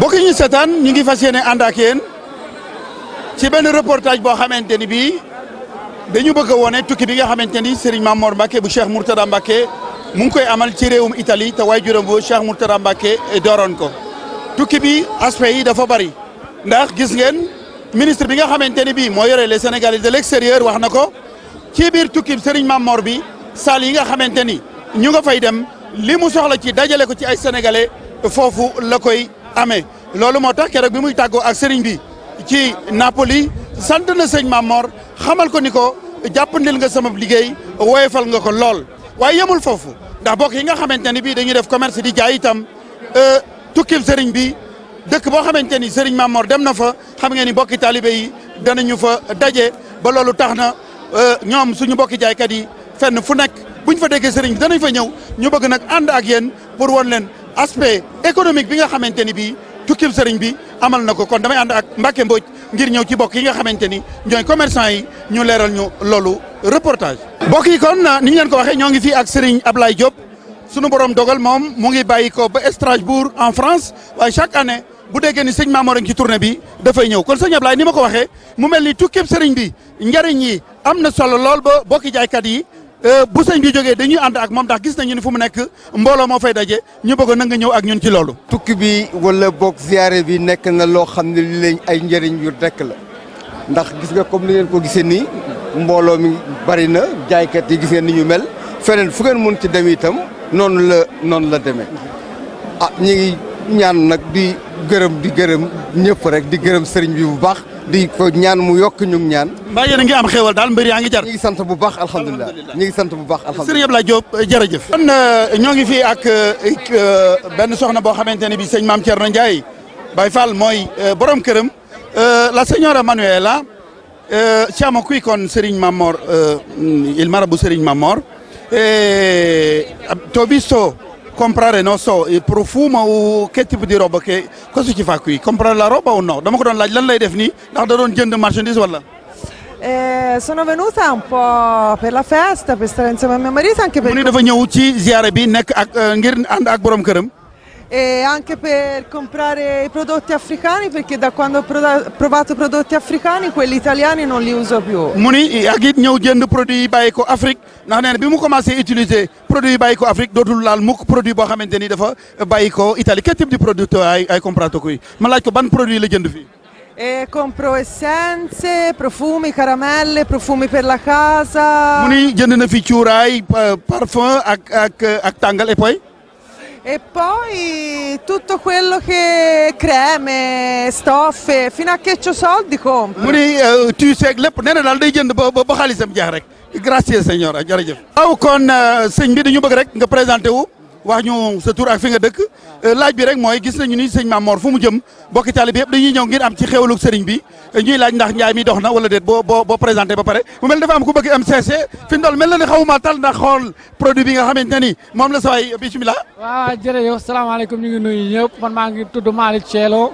bokk ñu seetaan ñu ngi fas yéene ànd ak yéen ci benn reportage boo xamante ni bii dañu bëgg a wone tukki bi nga xamante ni Serigne Mamour Mbacke bu Cheikh Mourtada Mbacke mu ngi koy amal ci réewum Italie te waay juróom bu Cheikh Mourtada Mbacke dooroon ko tukki bi aspect yi dafa bari ndax gis ngeen ministre bi nga xamante ni bii moo yore les Sénégalais de l'extérieur wax na ko ci biir tukki Serigne Mamour bi salle yi nga xamante ni ñu nga fay dem li mu soxla ci dajale ko ci ay sénégalais foofu la koy. amee loolu moo tax keroog bi muy tàggoo ak sëriñ bi ci Napoli sant na sëñ Mamor xamal ko ni ko jàppandil nga sama liggéey woyefal nga ko lool waaye yemul foofu ndax bokk yi nga xamante ni bii dañuy def commerce di jaay itam euh, tukkib sëriñ bi dëkk boo xamante ni sëriñ Mamor dem na fa xam ngeen ni bokki taalibe yi danañu fa daje ba loolu tax na euh, ñoom suñu bokki jaaykat yi fenn fu nekk buñ fa déggee sëriñ bi danañ fa ñëw ñu bëgg nag ànd ak yéen pour won leen aspect économique bi nga xamante ni bii tukkib sëriñ bi amal na ko kon damay ànd ak Mbacke mbooj ngir ñëw ci bokk yi nga xamante ni ñooy commerçant yi ñu leeral ñu loolu reportage. bokk yi kon ni ñu leen ko waxee ñoo ngi fii ak sëriñ Ablaye Diop sunu borom dogal moom mu ngi bàyyi ko ba Strasbourg en France waaye chaque année bu déggee ni sëñ Mamoor ci tournée bi dafay ñëw kon sëñ Ablaye ni ma ko waxee mu mel ni tukkib sëriñ bi njariñ yi am na solo lool ba bokki jaaykat yi. Euh, bu sëñ bi jógee dañuy ànd ak moom ndax gis nañu ni fu mu nekk mbooloo moo fay daje ñu bëggoon na nga ñëw ak ñun ci loolu. tukki bi wala boog ziare bi nekk na loo xam ne li leen ay njëriñ yu rekk la ndax gis nga comme ni ngeen ko gisee nii mbooloo mi bari na jaaykat yi gis ngeen ni ñu mel feneen fu ngeen mun ci dem itam noonu la noonu la demee ah ñu ngi ñaan nag di gërëm di gërëm ñëpp rek di gërëm sëriñ bi bu baax. di ñaan mu yokk ñu ñaan. mbaa yéen a ngi am xéewal daal mbir yaa ngi jar. ñu ngi sant bu baax alhamdulilah ñu ngi sant bu baax alhamdulilah Serigne Abdoulaye Diop euh, jërëjëf. kon euh, ñoo ngi fii ak euh, benn soxna boo xamante ne bi sëñ Mame Thierno Ndiaye Baye Fall mooy borom këram la señora Manuela siamo qui con Serigne Mamor il marabu Serigne Mamor te ho visto comprare, non so, il profumo o che tipo di roba, che, cosa ci fa qui? Comprare la roba o no? Dama ko doon laaj lan lay def nii ndax marchandise Eh, sono venuta un po' per la festa, per stare insieme a mio marito anche per... Mu ne dafa ñëw ci ziare bi eh, nekk e anche per comprare i prodotti africani perché da quando ho provato prodotti africani quelli italiani non li uso più. Muni agit ñew jënd produit baye ko Afrique ndax neena bi mu commencé utiliser produit baiko Afrique dootul laal mukk produit boo xamante ni dafa bàyyi ko Italie quel type de produit ay ay comprato qui ma laaj ko ban produit la jënd fii. E compro essenze, profumi, caramelle, profumi per la casa. Muni jënd na fi cuuraay eh, parfum ak ak ak tàngal e poi e poi tutto quello che creme, stoffe, fino a che ho soldi compro. Eh, tu sei tuuseeg lépp nee na daal day jënd ba ba xaalisam jeex rek grazie signora jërëjëf. aw kon sëñ bi dañu bëgg rek nga présenté wu. wax ñu sa tur ak fi nga dëkk ah. euh, laaj bi rek mooy gis nañu ni sëñ Mame Mor fu mu jëm bokki taalibe yëpp dañuy ñëw ngir am ci xéwalug sëriñ bi euh, ñuy laaj ndax njaay mi dox na wala déet boo boo boo présenté ba pare mu mel dafa am ku bëgg MCC fi mu mel na ni xawuma tal ndax xool produit bi nga xamante ni moom la sa waay bisimilah waaw jërëjëf salaamaaleykum ñu ngi nuyu ñëpp man maa ngi tudd Malick Thielo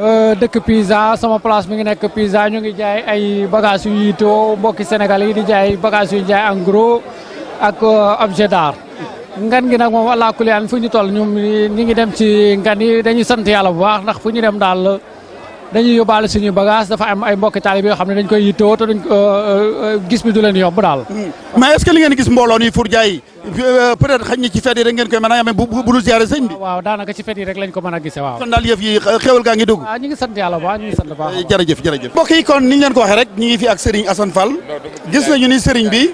euh, dëkk Pisa sama place mi ngi nekk Pisa ñu ngi jaay ay bagages yu yiitoo mbokki Sénégal yi di jaay bagages yu jaay en ak objet d'art ngan gi nag moom allah kulli aan fu ñu toll ñoom ñi ngi dem ci ngan yi dañuy sant yàlla bu baax ndax fu ñu dem daal dañuy yóbbaale suñuy bagage dafa am ay mbokki taalib yoo xam ne dañ koy yittewoo te dañ gis bi du leen yomb daal. Hmm. mais gis mbooloo nii Four Diaye peut-être xëy na ci fête koy mën a amee bu bu dul ziare sëñ bi. waaw daanaka ci fête rek lañ ko mën a gisee waaw. kon daal yëf yi xéwal gaa ngi dugg. waaw ñu ñu ngi sant bu baax. Eh, kon ni leen ko waxee rek ñu ngi fi ak Serigne Assane Fall gis nañu ni Serigne bi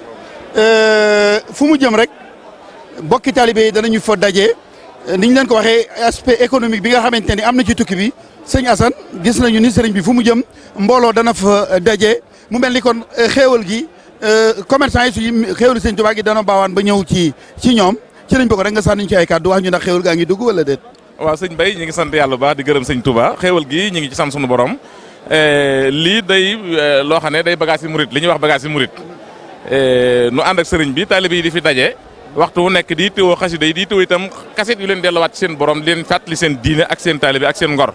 euh, fu mu jëm rek bokki taalibe yi danañu fa daje ni ñu leen ko waxee aspect économique bi nga xamante ni am na ci tukki bi sëñ Assane gis nañu ni sëriñ bi fu mu jëm mbooloo dana fa daje mu mel ni kon euh, xéewal gi euh, commerçant yi suñu xéewalu sëñ Tuubaa gi dana baawaan ba ñëw ci ci ñoom ci lañ bokk rek nga sànniñ ci ay kàddu wax ñu ndax xéewal gaa ngi dugg wala déet. waaw sëñ bay ñu ngi sant yàlla baax di gërëm sëñ Touba xéewal gi ñi ngi ci sant sunu borom euh, lii day loo xam ne day bagage yi murit li ñuy wax bagage yi murit nu ànd ak sëriñ bi taalibe yi di fi daje waxtu wu nekk di tëwoo xasida yi di tëwoo itam kaset yu leen delluwaat ci seen borom leen fàttali seen diine ak seen taalibe ak seen ngor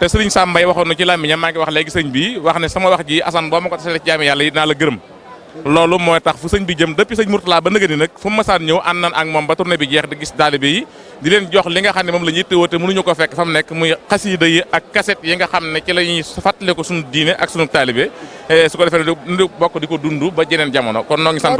te sëriñ Sam Mbaye waxoon na ci làmmiñam maa ngi wax léegi sëñ bi wax ne sama wax ji asan boo ma ko tasee ci jaami yàlla yi naa la gërëm loolu mooy tax fu sëñ bi jëm depuis sëñ Mourtala ba nëgëni nag fu masaan ñëw ànd ak moom ba tournée bi jeex di gis taalibe yi di leen jox li nga xam ne moom la ñuy tëwoo te mënuñu ko fekk ne ci la ñuy fàttali ko suñu ko defee nu bokk di ko jamono kon noo ngi sant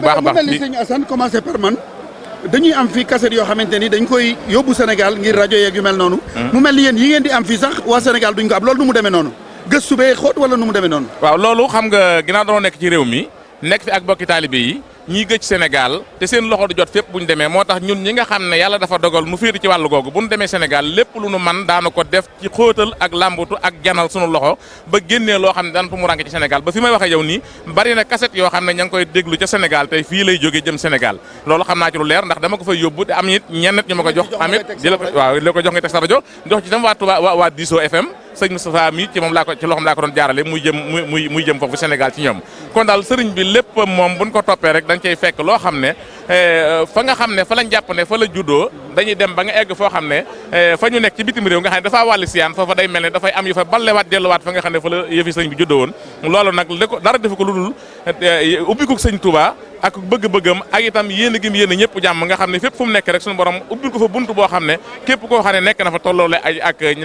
dañuy am fii cassette yoo xamante ni dañ koy yóbbu Sénégal ngir rajo yeeg yu mel noonu. Hmm. mu mel ni yen yi ngeen di am fi sax waa Sénégal duñ ko am lool nu mu deme noonu gëstu bee xóot wala nu mu demee noonu. waaw loolu xam nga ginnaaw dañoo nekk ci réew mi nekk fi ak bokki taalibe yi ñiy gëj Sénégal te seen loxo di jot fépp bu ñu demee moo tax ñun ñi nga xam ne yàlla dafa dogal mu féete ci wàllu googu bu ñu demee Sénégal lépp lu nu man daana ko def ci xóotal ak làmbutu ak janal sunu loxo ba génnee loo xam ne daan tu mu rànk ci Sénégal ba fi may waxee yow nii bari na kaset yoo xam ne ña ngi koy déglu ca Sénégal tey fii lay jóge jëm Sénégal loolu xam naa ci lu leer ndax dama ko fay yóbbu te am it ñenn ñu ko jox amit di ko waaw di la rajo jox ci tam waa Touba waa sëñ Moustapha mi ci moom laa ko ci loxoom laa ko doon jaarale muy jëm muy muy jëm foofu Sénégal ci ñoom kon daal sëriñ bi lépp moom buñ ko toppee rek dañ cey fekk loo xam ne Eh, fa nga xam ne fa lañ jàpp ne fa la juddoo dañuy dem ba nga egg foo xam ne eh, fa ñu nekk ci bitim réew nga xam ne dafaa wàlli siyaan foofa day mel ne dafay am yu fa ballewaat delluwaat xam ne fa la yëfi sëñ bi juddoo woon loolu nag li ko dara defu ko lu dul eh, ubbikuk sëñ Touba ak bëgg a a ñëpp jàmm nga xam ne fépp fu mu nekk rek suñu borom ubbil ko fa buntu boo xam ne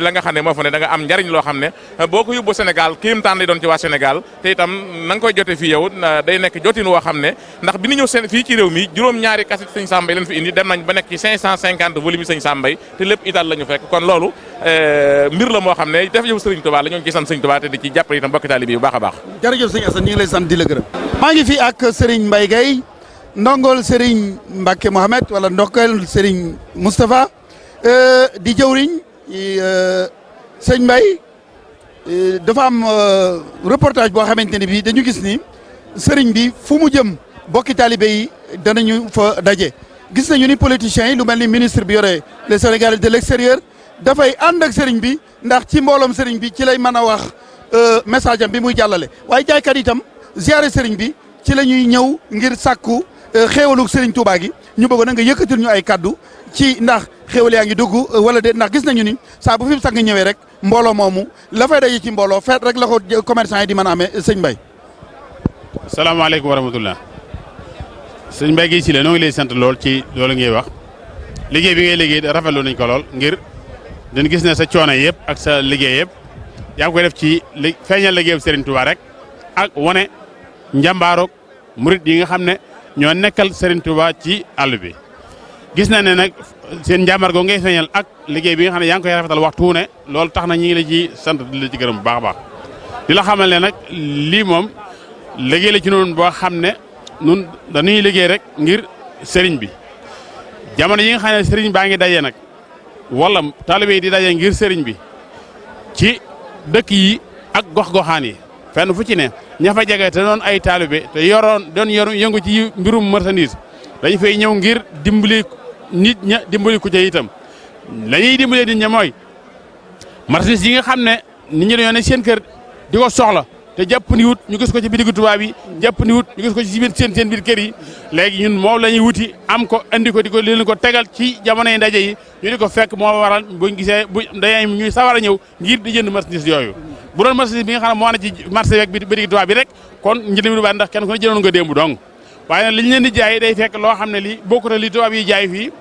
na fa njariñ loo xam ne boo ko yóbbu Sénégal kéemtaan lay doon ci waa Sénégal te itam na nga koy jote fii yow day nekk jotin woo xam ne ndax bi ñu ñëw fii ci réew mi juróom-ñaari kaset sëñ Sambay leen fi indi dem nañ ba nekk ci 550 volume sëñ Sambay te lépp ital la fekk kon loolu euh, mbir la moo xam ne def yow sëriñ Touba la ñoo ngi ci sant sëñ Touba te di ci jàppale itam bokki taalibe bi bu baax a baax jërëjëf sëñ Assane ñu ngi lay sant di la gërëm maa ngi fi ak sëriñ Mbaye Gueye ndongool sëriñ Mbacke Mohamed wala ndokkeel sëriñ Moustapha euh, di jëwriñ euh, sëñ Mbaye dafa am reportage boo xamante ne bi dañu gis ni sëriñ bi fu mu jëm bokki taalibe yi ñu fo daje gis nañu ni politiciens yi lu mel ni ministre bi yore les Sénégalais de l'extérieur dafay ànd ak sëriñ bi ndax ci mbooloom sëriñ bi ci lay mën a wax euh, message am bi muy jàllale waaye jaaykat itam ziare sëriñ bi ci la ñuy ñëw ngir sàkku euh, xéewalug sëriñ Touba gi ñu bëggoon na nga yëkkatil ñu ay kaddu ci ndax xéewal yaa ngi dugg euh, wala déet ndax gis nañu ni saa bu fi sang ñëwee rek mbooloo moomu la fay daje ci mbooloo feet rek la ko commerçant yi mën a amee sëñ Mbaye. salaamaaleykum wa rahmatullah sëñ Mbaye Guèye Sylla noo ngi lay sant lool ci loolu ngay wax liggéey bi ngay liggéey rafetlu nañ ko lool ngir dañ gis ne sa coono yëpp ak sa liggéey yëpp yaa ngi koy def ci li feeñal liggéeyu Serigne Touba rek ak wone njàmbaaroog murit yi nga xam ne ñoo nekkal Serigne Touba ci àll bi. gis na ne nag seen njàmbaar googu ngay feeñal ak liggéey bi nga xam ne yaa ngi koy rafetal waxtu ne loolu tax na ñu ngi ci sant di la ci gërëm bu baax a baax di la xamal ne nag lii moom liggéey la nun dañuy liggéey rek ngir sëriñ bi jamono yi nga xam sëriñ baa ngi daje nag wala taalibe yi di daje ngir sëriñ bi ci dëkk yi ak gox-goxaan yi fenn fu ci ne ña fa jege te doon ay taalibe te yoroon doon yor yëngu ci mbirum marchandise dañ fay ñëw ngir dimbali nit ña dimbali ku ca itam la ñuy dimbalee nit ña mooy marchandise yi nga xam ne nit ñi dañoo ne seen kër di ko soxla te jàpp ni wut ñu gis ko ci bidigu tubaab yi jàpp ni wut ñu gis ko ci biir seen seen biir kër la ñuy wuti am ko andi ko di ko leen ko ci jamonoy ndaje yi ñu di fekk moo waral buñ gisee bu dañuy ñuy sawar a ñëw ngir di jënd marchandise yooyu bu doon nga xam ne moo na ci marché beeg bidigu tubaab bi kenn ku ne jëndoon nga démb dong waaye li ñu leen di jaay day fekk loo xam ne li bokkut li tubaab yi jaay fii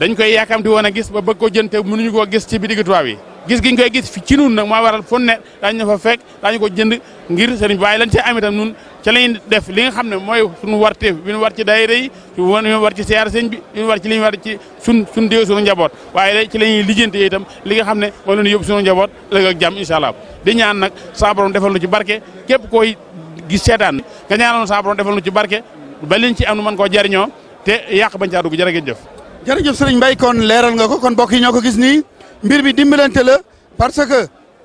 dañ koy woon a gis ba bëgg ko jënte mënuñu koo gis ci bidigu tubaab yi gis giñ koy gis fi ci nun moo waral fu ne daañu fa fekk daañu ko jënd ngir sëriñ bi waaye lañ cee am itam nun ca lañ def li nga xam ne mooy suñu warteef bi ñu war ci daayira yi ñu war ci siyaar sëñ bi ñu war ci li ñu war ci sun sun déew suñu njaboot waaye ci la ñuy lijjante itam li nga xam ne moo leen yóbbu suñu njaboot lëg ak jàmm incha allah di ñaan nag saa defal nu ci barke képp koy gis seetaan nga ñaanoon saa defal nu ci barke ba liñ ci am nu mën koo jariñoo te yàq bañ caa dugg jërë ngeen jëf jërëjëf sëriñ Mbaye kon leeral nga ko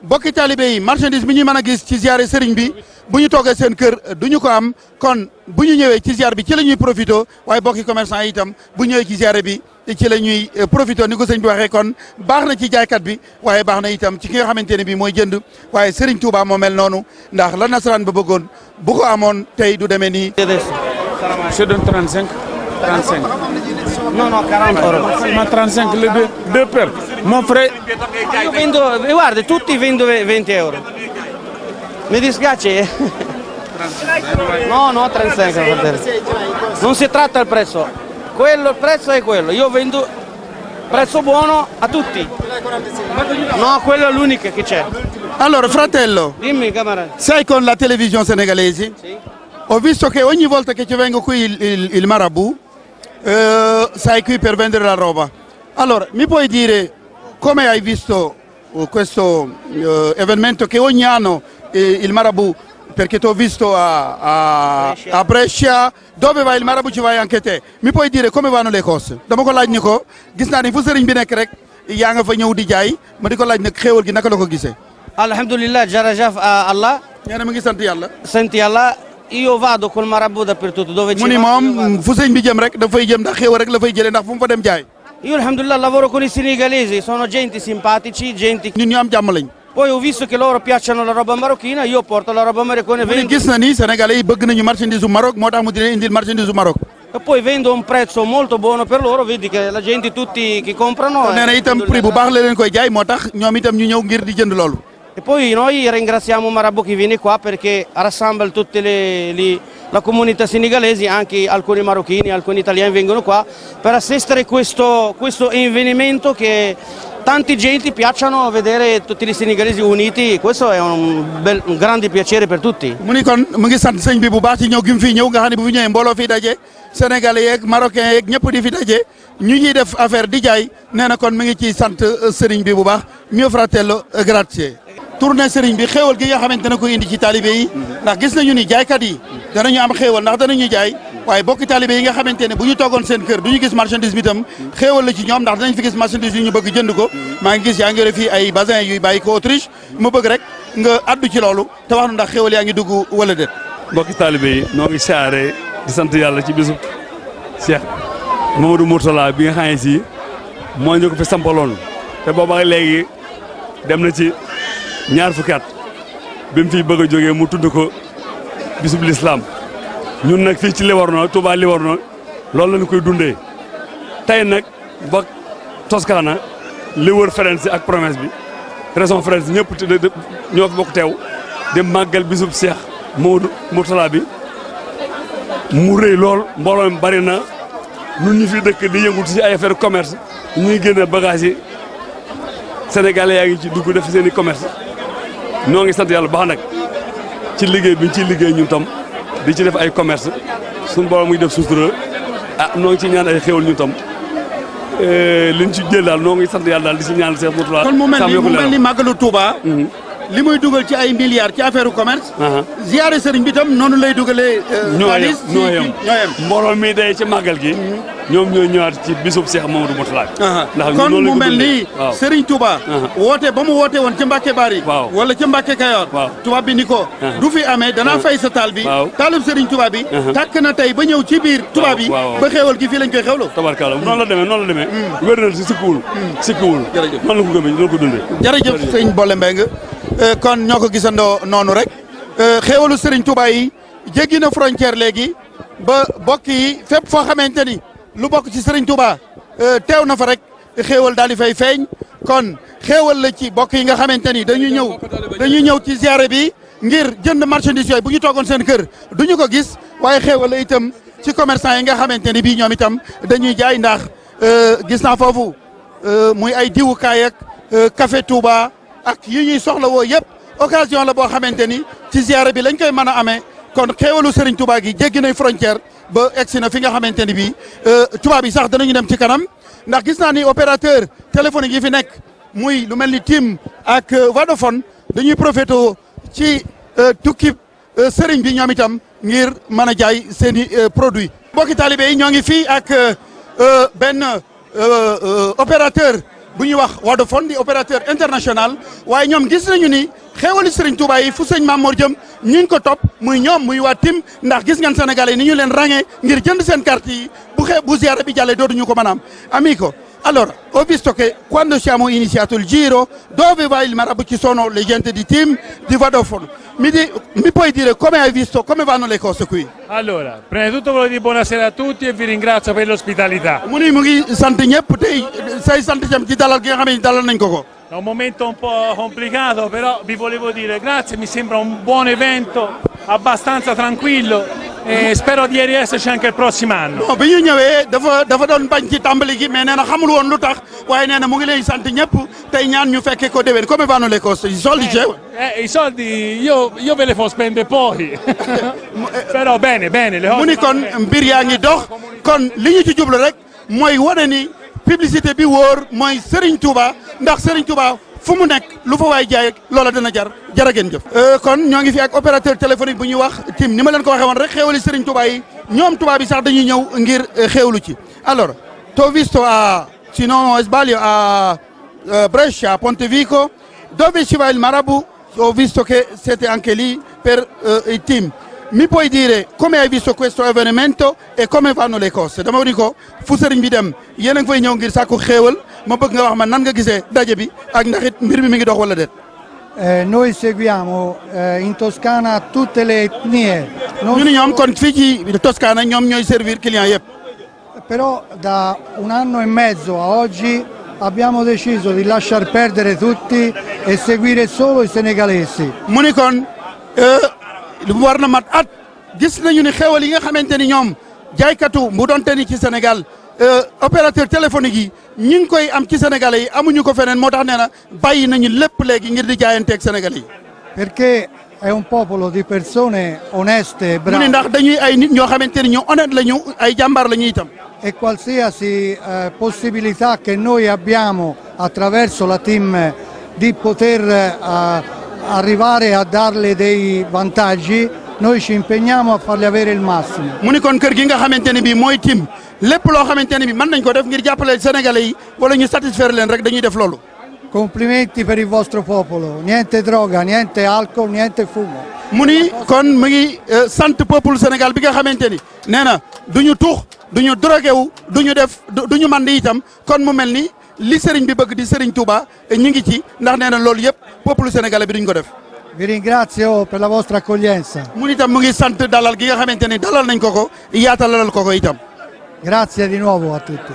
bokki taalibe yi marchandise bi ñuy mën a gis ci ziare sëriñ bi bu ñu toogee seen kër du ñu ko am kon bu ñu ñëwee ci ziar bi ci la ñuy profité waaye bokki commerçant yi itam bu ñëwee ci ziare bi ci la ñuy euh, profité ni ko sëñ bi waxee kon baax na ci jaaykat bi waaye baax na itam ci ki nga xamante ne bii mooy jënd waaye sëriñ Touba moo mel noonu ndax la nasaraan ba bëggoon bu amoon tey du demee nii. c'est de 35. 35. Non, non, 40 Ma 35 le due, due per. Mon frère. Io vendo, eh, guarda, tutti vendo 20 euro. Mi dispiace. No, no, 35 Non si tratta del prezzo. Quello, il prezzo è quello. Io vendo prezzo buono a tutti. No, quello è l'unico che c'è. Allora, fratello. Dimmi, camarada. Sei con la televisione senegalese? Sì. Ho visto che ogni volta che ci vengo qui il, il, il marabù eh, sei qui per vendere la roba. Allora, mi puoi dire come hai visto eh, questo eh, avvenimento che ogni anno eh, il Marabu, perché ti ho visto a, a, a, Brescia, dove vai il Marabu ci vai anche te. Mi puoi dire come vanno le cose? Dopo ko laaj ni ko, gis naa ni fu sëriñ bi nekk rek yaa nga fa ñëw di jaay, ma di ko laaj nag xéewal gi naka la ko Alhamdulillah, jërëjëf ah, Allah. nee na mi ngi Allah. yàlla. sant io vado col marabou dappertutto dove c'è. Mu ni moom fu sëñ bi jëm rek dafay jëm rek la fay jëlee ndax fu fa dem jaay. Io alhamdulillah lavoro con i senegalesi, sono gente simpatici, gente... Ñun ñu am jàmm lañ. Poi ho visto che loro piacciono la roba marocchina, io porto la roba marocchina. Mu ne gis na ni sénégalais yi bëgg nañu marchandise u Maroc moo tax mu di leen marchandise u Maroc. E poi vendo un prezzo molto buono per loro, vedi che la gente tutti che comprano... Nee na itam prix bu baax la leen koy jaay moo tax ñoom itam ñu ñëw ngir di jënd loolu. E poi noi ringraziamo Marabbo che viene qua perché rassembla tutta la comunità senegalese, anche alcuni marocchini, alcuni italiani vengono qua per assistere a questo, questo avvenimento che tanti genti piacciono vedere tutti i senegalesi uniti, questo è un, bel, un grande piacere per tutti. sénégalais yeeg marocains ñu ñuy def affaire di jaay nee kon mi ngi ciy sant euh, sëriñ bi bu baax mio fratello euh, grazie tourné sëriñ bi xéewal gi nga xamante ne ko indi ci taalibe yi ndax gis nañu ni jaaykat yi danañu am xéewal ndax danañu jaay waaye bokki taalibe yi nga xamante ne bu ñu toogoon seen kër du ñu gis marchandise bi tam xéewal la ci ñoom ndax danañ fi gis marchandise ñu bëgg jënd ko maa ngi gis yaa ngi yore fii ay basin yuy bàyyi ko Autriche mu bëgg rek nga addu ci loolu te wax nu ndax xéewal yaa ngi dugg wala bokki taalibe yi noo ngi saare di sant ci bisu bi nga xam si moo ñu ko fi ñaar fukki at bi mu fiy bëgg a jógee mu tudd ko bisub lislaam ñun nag fii ci Livorno Touba Livorno loolu lañ koy dundee tey nag ba Toscana li wër Firenze ak promesse bi région Firenze ñëpp ñoo fi bokk teew di màggal bisub Seex Moodu Murtala bi mu rëy lool mbooloo mi bari na ñun fi dëkk di yëngu ci ay affaire commerce ñuy génne bagage yi sénégalais yaa ngi ci dugg def seeni commerce ñoo ngi sant yàlla baax nag ci liggéey bi ñu ciy liggéey ñun tam di ci def ay commerce suñu borom muy def sutura ah noo ci ñaan ay xéwal ñun tam eh, liñ ci jël daal noo ngi sant yàlla daal di ci ñaan Seex Murtala. kon mu mel ni mu mel ni li muy dugal ci ay milliards ci affaire commerce. ziare sëriñ bi tam noonu lay dugalee. Euh, ñoo yem ñoo mi day ci màggal gi. ñoom ñoo ñëwaat ci bisub Seex Mamadou Moutalaak. ndax kon mu mel ni Serigne Touba. woote ba mu woote woon ca Mbacke Bari. wala ca Mbacke Kayoor. tubaab bi ni ko. du fi amee danaa fay sa taal bi. waaw taalub Serigne Touba bi. tàkk na tey ba ñëw ci biir. tubaab yi ba xéewal gi fii koy xew loo noonu la demee noonu la demee. Mm. wér na si sikkuwul. Mm. sikkuwul. jërëjëf noonu la ko gëmee noonu la ko dundee. jërëjëf sëñ Euh, kon ñoo ko gisandoo noonu rek euh, xéewalu Serigne Touba yi jéggi na frontière léegi ba bokk yi fépp foo xamante ni lu bokk ci Serigne Touba euh, teew na fa rek xéwal daal di fay feeñ kon xéwal la ci bokk yi nga xamante ni dañuy ñëw dañuy ñëw ci ziare bi ngir jënd marchandise yooyu bu ñu toogoon seen kër du ñu ko gis waaye xéwal la itam ci commerçant yi nga xamante ni bii ñoom itam dañuy jaay ndax gis naa foofu muy ay diwukaay ak café Touba. ak yi ñuy soxla woo yëpp occasion la boo xamante ni ci ziyaara bi lañ koy mën a amee kon xéewalu Serigne Touba gi jéggi nay frontière ba egsi na fi nga xamante ni bii euh, tubaab yi sax danañu dem ci kanam ndax gis naa ni opérateur téléphonique yi fi nekk muy lu mel ni Tim ak euh, Vodafone dañuy profité ci euh, tukki Serigne bi ñoom itam ngir mën a jaay seen i produits. mbokki taalibe yi ñoo ngi fii ak benn opérateur. bu ñuy wax Wadofone di opérateur international waaye ñoom gis nañu ni xéewalu sëriñ Touba yi fu sëñ Mamor jëm ñu ko topp muy ñoom muy waa tim ndax gis ngeen Sénégalais yi ni ñu leen ràññee ngir jënd seen carte yi bu xee bu ziara bi jàllee dootuñu ko mën a am ami ko Allora, ho visto che quando siamo iniziato il giro, dove va il Marabù ci sono le gente di team di Vodafone. Mi, di, mi puoi dire come hai visto, come vanno le cose qui? Allora, prima di tutto voglio dire buonasera a tutti e vi ringrazio per l'ospitalità. sei di Dalla è un momento un po' complicato, però vi volevo dire grazie, mi sembra un buon evento, abbastanza tranquillo e spero di esserci anche il prossimo anno. No, bi ñu ñëwee dafa dafa doon bañ ci tàmbali gi mais nee xamul woon lu tax waaye nee ngi lay sant ñëpp tey ñaan ñu fekkee ko déwén come vanno le cose i soldi c'è? Eh, eh? eh, i soldi io, io ve li fo spendere pochi eh, però bene bene le ho. mu ni kon mbir yaa dox kon li ñu ci jublu rek mooy wane ni publicité bi wóor mooy Serigne Touba ndax Serigne Touba fu mu nekk lu fa waay jaay loola dana jar jar a ngeen euh, kon ñoo fi ak opérateur téléphonique bu ñuy wax tim ni ma leen ko waxee woon rek xéwali Serigne Touba yi ñoom Touba bi sax dañuy ñëw ngir euh, xéwlu ci alors t'ho visto a Cino sbaglio a euh, Brescia a Pontevico dove ci va il marabu ho visto che siete anche lì per i team mi puoi dire come hai visto questo avvenimento e come vanno le cose Da ni ko fu sëriñ bi dem yéen a ngi fay ñëw ngir sàkku xéewal ma bëgg nga wax ma nan nga gisee daje bi ak ndax it mbir mi mi ngi dox wala Eh, noi seguiamo eh, in Toscana tutte le etnie. Non siamo kon figli ci Toscana ñom ñoy servir client yep. Però da un anno e mezzo a oggi abbiamo deciso di lasciar perdere tutti e seguire solo i senegalesi. Munikon eh lu mat at gis nañu ni xéwal yi nga xamante ni ñoom mu donte ni ci Sénégal euh, opérateur téléphonique yi ñi ngi koy am ci sénégalais yi amuñu ko feneen moo tax nee nañu lépp léegi ngir di jaayanteeg sénégalais yi. perché è un popolo di persone oneste e brave. ndax dañuy ay nit ñoo xamante ni honnête la ay jàmbaar la ñu e qualsiasi eh, possibilità che noi abbiamo attraverso la team di poter. Eh, arrivare a darle dei vantaggi, noi ci impegniamo a farle avere il massimo. mu ni kon kër gi nga xamante ne bii mooy tim lépp loo xamante ne bii mën nañ ko complimenti per il vostro popolo, niente droga, niente alcol, niente fumo. mu ni kon mu popolo eh, sant peuple Sénégal bi nga xamante ni nee na def du ñu mandi itam li sëriñ bi bëgg di sëriñ Touba e eh, ñu ngi ci ndax nee na loolu peuple sénégalais bi duñ ko def. vi ringrazio per la vostra accoglienza. mu mu ngi sant dalal gi nga xamante dalal nañ ko ko yaatalal ko ko itam. grazie di nuovo a tutti.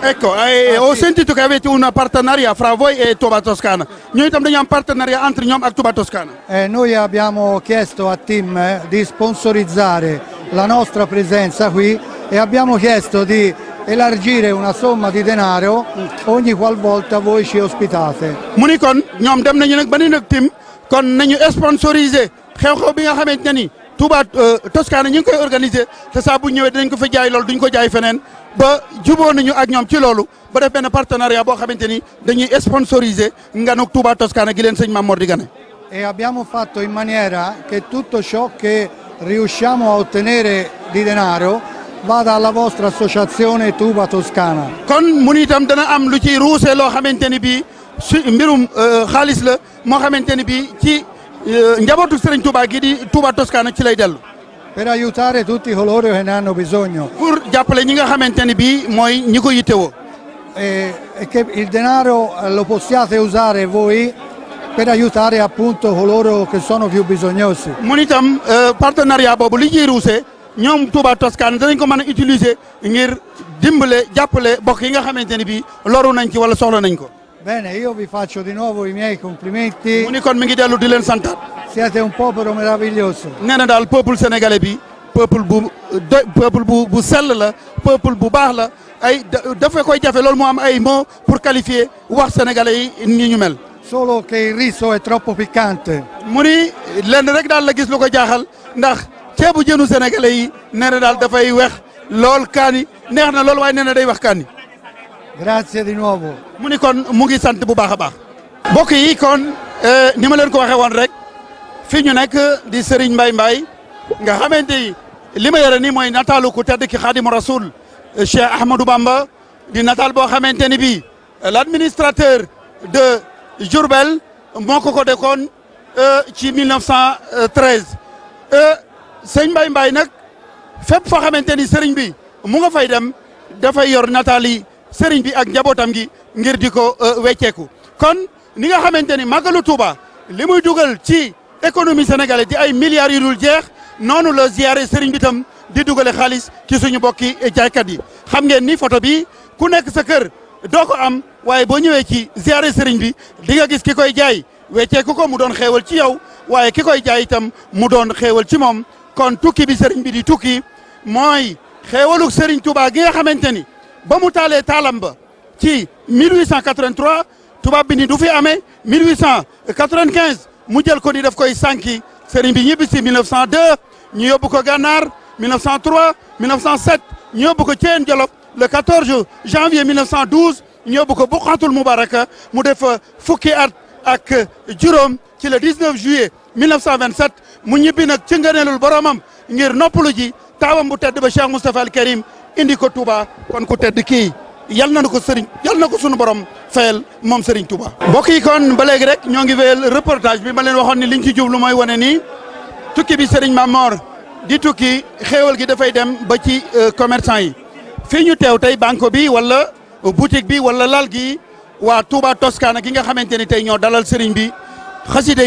Ecco, eh, ah, ho sentito che avete una partenariato fra voi e Toba Toscana. Noi abbiamo un partenariato entre noi e Toba Toscana. Eh, noi abbiamo chiesto a Tim eh, di sponsorizzare la nostra presenza qui e abbiamo chiesto di elargire una somma di denaro ogni qualvolta voi ci ospitate. mu ni dem nañu nag ba tim kon nañu sponsorisé xew-xew bi nga xamante Touba euh, Toscana ñu koy organiser te saa bu ñëwee dinañ ko fa jaay loolu duñ ko jaay feneen ba juboo nañu ak ñoom ci loolu ba def benn partenariat boo xamante dañuy sponsorisé nganuk Touba Toscana gi leen sëñ Mame di gane. E abbiamo fatto in maniera che tutto ciò che riusciamo a ottenere di denaro vada alla vostra associazione Tuba Toscana. kon mu dana am lu ci ruuse loo xamante ni mbirum euh, xaalis la moo xamante ni ci euh, njabootu Serigne Touba gi di Tuba Toscana ci lay dellu. per aiutare tutti coloro che ne hanno bisogno. pour jàppale ñi nga xamante ni bii mooy ñi ko e che il denaro eh, lo possiate usare voi per aiutare appunto coloro che sono più bisognosi. mu itam euh, partenariat boobu li ciy ruuse ñoom Touba Toscane danañ ko mën a utiliser ngir dimbale jàppale bokk yi nga xamante ne bii loru nañ ci wala soxla nañ ko. Bene, io vi faccio di nuovo i miei complimenti. mu kon mi ngi dellu di leen santaat. Siete un popolo meraviglioso. nee na daal peuple sénégalais bi peuple bu do peuple bu bu sell la peuple bu baax la ay dafa koy jafe loolu moo am ay mots pour qualifier wax sénégalais yi ni ñu mel. solo che il riso è troppo piccante. mu ni lenn rek daal la gis lu ko jaaxal ndax. ceebu jënu sénégalais yi nee daal dafay wex lool kaani neex na lool waaye nee day wax kaani. mu ni kon mu ngi sant bu baax a baax. mbokk yi kon euh, ni ma leen ko waxee woon rek fi ñu nekk di sëriñ Mbaye Mbaye nga xamante ni li ma yore nii mooy nataalu ku tedd ki Xaadimu Rasul Cheikh Ahmadou Bamba di nataal boo xamante ni bii l' administrateur de Diourbel moo ko ko dekoon euh, ci 1913. sëñ mbay Mbaye nag fépp foo xamante ni sëriñ bi mu nga fay dem dafay yor nataali sëriñ bi ak njabootam gi ngir di ko euh, wecceeku kon ni nga xamante ni màggalu Touba li muy dugal ci économie sénégalaise di ay milliards yu dul jeex noonu la ziare sëriñ bi tam di dugale xaalis ci suñu bokki jaaykat yi xam ngeen ni photo bi ku nekk sa kër doo ko am waaye boo ñëwee ci ziare sëriñ bi di nga gis ki koy jaay wecceeku ko mu doon xeewal ci yow waaye ki koy jaay mu doon xeewal ci moom kon tukki bi sëriñ bi di tukki moy xéewalug sëriñ Touba gi nga xamanteni ba mu taalee taalam ba ci 1883 touba bi ni du fi amé 1895 mu jël ko di daf koy sanki sëriñ bi ñibbi 1902 ñu yóbbu ko ganar 1903 1907 ñu yóbbu ko Thiène Jolof le 14 janvier 1912 ñu yóbbu ko bukhatul Mubaraka mu def fukki at ak juróom ci le 19 juillet 1927 mu ñibbi nag ci ngëneelul boromam ngir noppalu ji taabam bu tedd ba Cheikh Moustapha al Karim indi ko Touba kon ku tedd kii yal na ko sëriñ yal na ko sunu borom fayal moom sëriñ Touba. mbokk yi kon ba léegi rek ñoo ngi wéyal reportage bi ma leen waxoon ni liñ ci jublu mooy wane ni tukki bi sëriñ Mamor di tukki xéewal gi dafay dem ba ci euh, commerçant yi fii ñu teew tey banque bi walla boutique bi wala lal gi waa Touba Toscana gi nga xamante ni tey ñoo dalal sëriñ bi xasida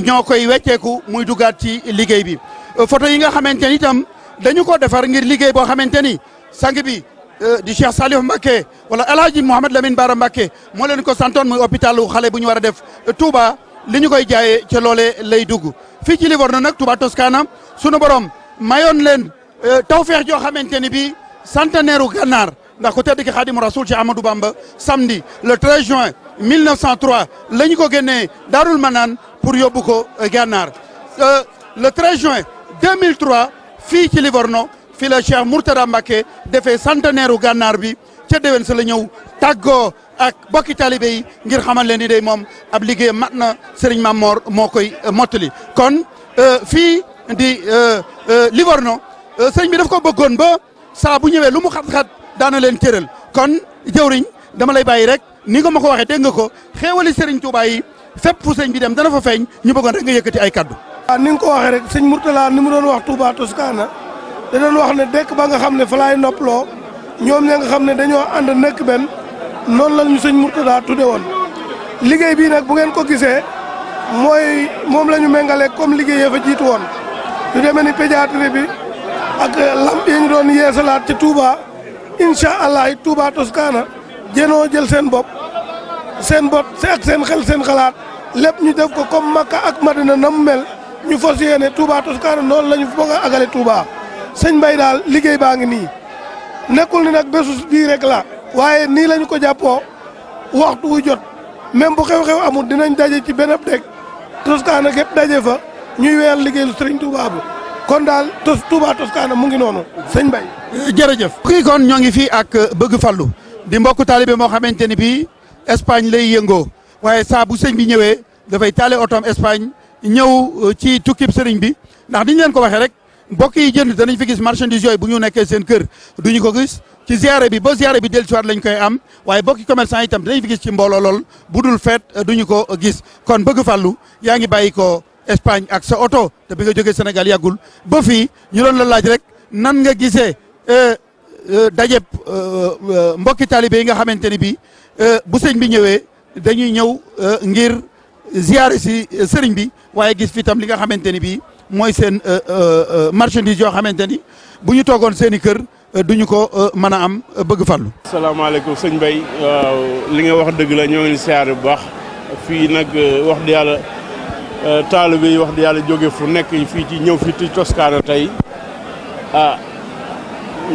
ñoo koy wecceeku muy dugaat ci liggéey bi euh, photo yi nga xamante ni itam dañu ko defar ngir liggéey boo xamante ni sang bi euh, di Cheikh Salif Mbacké wala El Hadj Mouhamed Lamine Bara Mbacké moo leen ko santoon muy hôpitalu xale bu ñu war a def euh, Touba li ñu koy jaayee ca loolee lay dugg fii ci Livorno nag Touba Toscana sunu borom mayoon leen tawfeex joo xamante ni bi centenaire u gànnaar ndax ku Khadim Rasoul ci Amadou Bamba samedi le 13 juin 1903 la ñu ko génnee Daarul Manaan pour yóbbu ko Euh, euh le 13 juin 2003 fii ci Livorno fii la Cheikh Mourtada Mbacké defee centenaire u gànnaar bi ca déwén sa la ñëw tàggoo ak bokki talibé yi ngir xamal leen ni day moom ab liggéey mat na Serigne Mamor moo koy euh, mottali euh, fii di euh, Livorno sëriñ bi daf ko bëggoon ba saa bu ñëwee lu mu xat-xat daana leen cëral kon jëwriñ dama lay bàyyi rek ni nga ma ko waxee dégg nga ko xéewali Serigne Touba yi fépp fu sëñ bi dem dana fa feeñ ñu bëggoon rek nga yëkkati ay kaddu. waaw ni nga ko waxe rek sëñ Mourtala ni mu doon wax Touba Toscana da doon wax ne dëkk ba nga xam ne fa laay noppaloo ñoom ña nga xam ne dañoo ànd nekk ben noonu la ñu sëñ Mourtala tudde woon liggéey bii nag bu ngeen ko gisee mooy moom la ñu méngale comme liggéey ya fa jiitu woon. ñu demee ni pédiatrie bi ak lamp yi ñu doon incha allah it Touba Toscana jénoo jël seen bopp seen bot ak seen xel seen xalaat lépp ñu def ko comme Makka ak Madina na mu mel ñu fas yéene Touba Toscana noonu la ñu bëgg agale Touba sëñ Mbay daal liggéey baa ngi nii nekkul ni nag bésu bii rek la waaye nii lañu ko jàppoo waxtu wu jot même bu xew-xew amul dinañ daje ci benn dëkk Toscana gépp daje fa ñuy weer liggéeyu Sëriñ Touba kon daal tos Touba Toscana mu ngi noonu sëñ Bay jërëjëf kii kon ñoo ngi fii ak euh, bëgg fallu di mbokk taalibe moo xamante ni bii Espagne lay yëngoo waaye saa bu sëñ bi ñëwee dafay taale otoom Espagne ñëw euh, ci tukkib sëriñ bi ndax diñ leen ko waxee rek mbokk yi jënd danañ fi gis marchandise yooyu bu ñu nekkee seen kër duñu ko gis ci ziare bi ba ziare bi dellusiwaat lañ koy am waaye bokki commerçant yi itam danañ fi gis ci mbooloo lool bu dul feet euh, duñu ko gis kon bëgg fallu yaa ngi bàyyi ko Espagne ak sa oto te bi nga jógee Sénégal yàggul ba fii ñu doon la laaj rek nan nga gisee euh, euh, dajeb euh, mbokki taalibe yi nga xamante ni bii bu sëñ bi ñëwee dañuy ñëw ngir ziyaare si sëriñ bi waaye gis fi tam li nga xamante ni bii mooy seen marchandise yoo xamante ni bu ñu toogoon seen i kër duñu ko mën a am bëgg fàllu salaamaaleykum sëñ Bay waaw li nga wax dëgg la ñoo ngi siyaare bu baax fii nag wax di yàlla Euh, taalibe yi wax di yàlla jóge fu nekk fii ci ñëw fii ci Toscana tey ah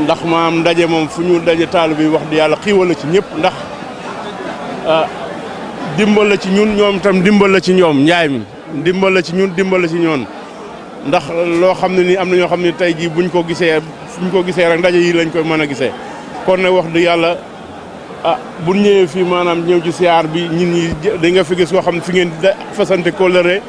ndax maam ndaje moom fu ñuul daje taalibe yi wax di yàlla xiiwal la ci ñëpp ndax ah, dimbal la ci ñun ñoom itam dimbal la ci ñoom njaay mi dimbal la ci ñun dimbal la ñoon ndax loo xam ne nii am na ñoo xam ne tey jii buñ ko gisee buñ ko gisee rek ndaje yi lañ koy mën a gisee kon ne wax di yàlla ah bu ñëwee fii maanaam ñëw ci siyaar bi ñun ñi di nga fi gis xam ne fi ngeen fasante kóllëre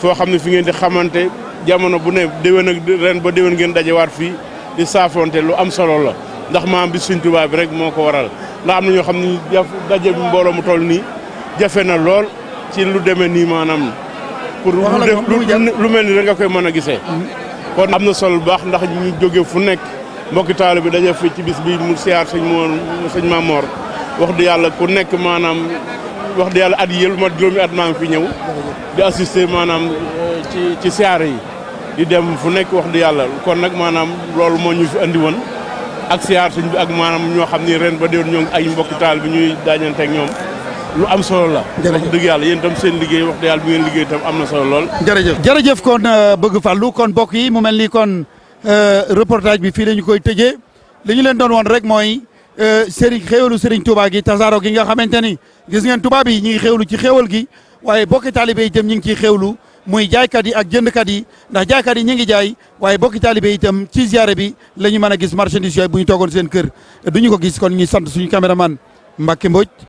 foo xam ne fi ngeen di xamante jamono bu ne déwén ak ren ba déwén ngeen waat fii di saafonte lu am solo la ndax maam bi Sëñ Tuubaa bi rek moo ko waral ndax am na ñoo xam ne daje mbooloo mu toll nii jafe na lool ci lu demee nii maanaam. pour lu lu mel ni rek nga koy mën a gisee. Mm-hmm. kon am na solo bu baax ndax ñu jóge fu nekk mbokki taalo bi daje fi ci bis bi mu siyaar sëñ Mor sëñ Mamor wax du yàlla ku nekk maanaam. wax dëgg yàlla at yii lu ma juróomi at maa ngi fi ñëw. di assister maanaam euh, ci ci siyaare yi. di dem fu nekk wax dëgg yàlla kon nag maanaam loolu moo ñu fi andi woon ak siyaar suñ bi ak maanaam ñoo xam ni ren ba déwén ñoo ay mbokki taal bi ñuy daañante ñoom. lu am solo la. wax dëgg yàlla yéen itam seen liggéey wax dëgg yàlla bu ngeen liggéey itam am na solo lool. jërëjëf jërëjëf kon euh, bëgg fàllu kon mbokk yi mu mel ni kon euh, reportage bi fii la ñu koy tëjee lañu ñu leen doon woon rek mooy Euh, sëriñ xéewalu sëriñ Touba gi tasaaro gi nga xamante ni gis ngeen tubaab yi ñu ngi ci xéewal gi waaye bokki taalibe itam ñu ngi ciy xéewlu muy jaaykat yi ak jëndkat yi ndax jaaykat yi ñu ngi jaay waaye bokki taalibe itam ci ziare bi la ñu mën a gis marchandise bu ñu toogoon seen kër du ñu ko gis kon ñi sant suñu man Mbacke mboj